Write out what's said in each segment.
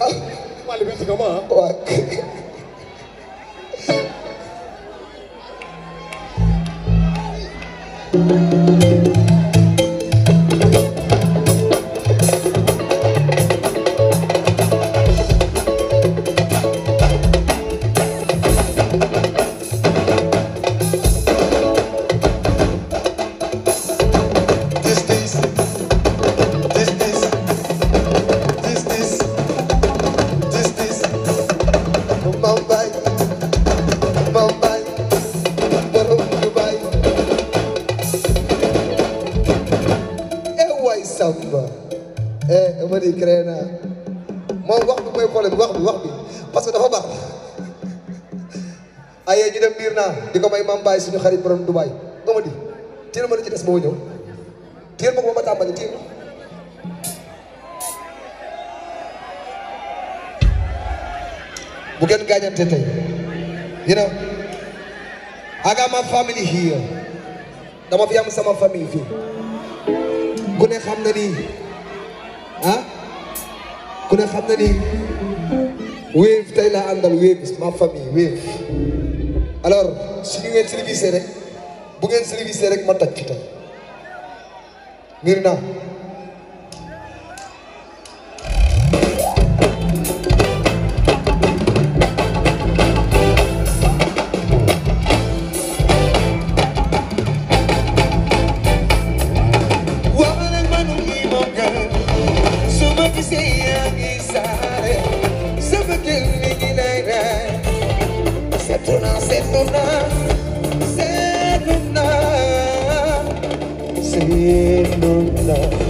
waaw maa ngi ci kama waaw. Thank you. moom wax bi mooy problème wax bi wax bi parce que dafa baax ayee ñu dem biir naa di ko may maam Baye suñu xarit borom Dubaay nga ma di téel ma des moo ñëw téel ba ma tàmbali téel bu ngeen gaañante tey you know I got family here dama fi am sama famille fii ku ne xam na ni ah ku ne xam na ni Wave tey laa àndal Wave ma famille Wave alors su ngeen service rek bu ngeen service rek ma tàcc tey need no love.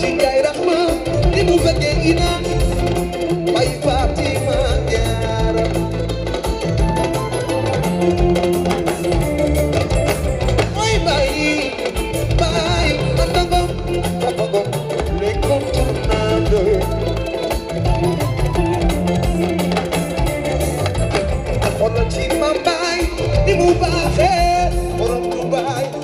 ci yaay raxma ni mu bëggee inaan bay Fatima jaara mooy bay bay matango matango le contournable xoolal ci ma bay ni mu baaxee borom du bay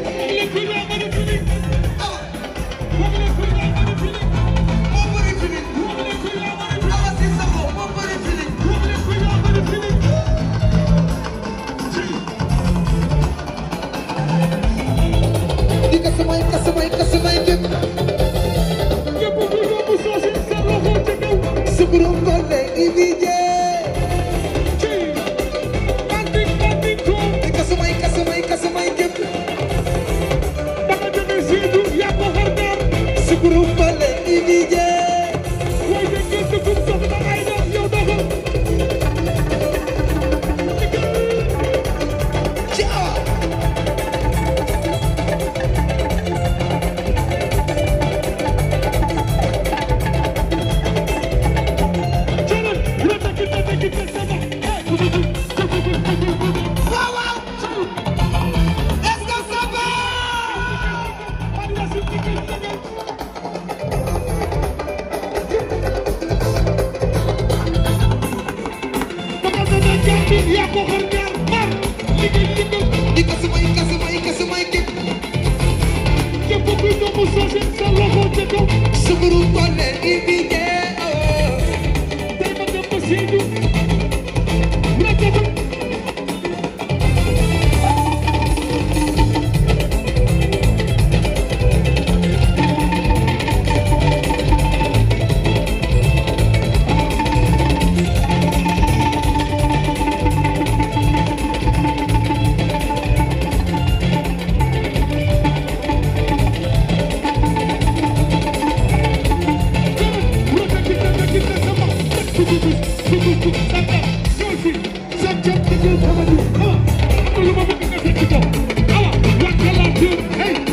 samay jëf dama jënd siidu yaa ko xar daar sukuru mbale i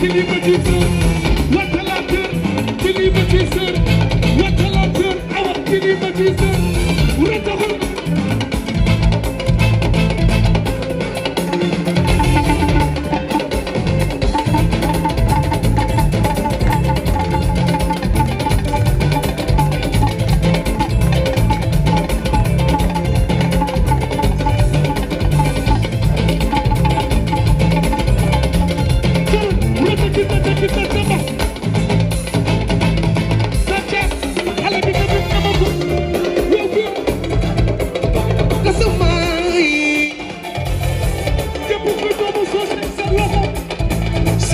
l'équilibre du feu.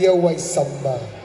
yow way samba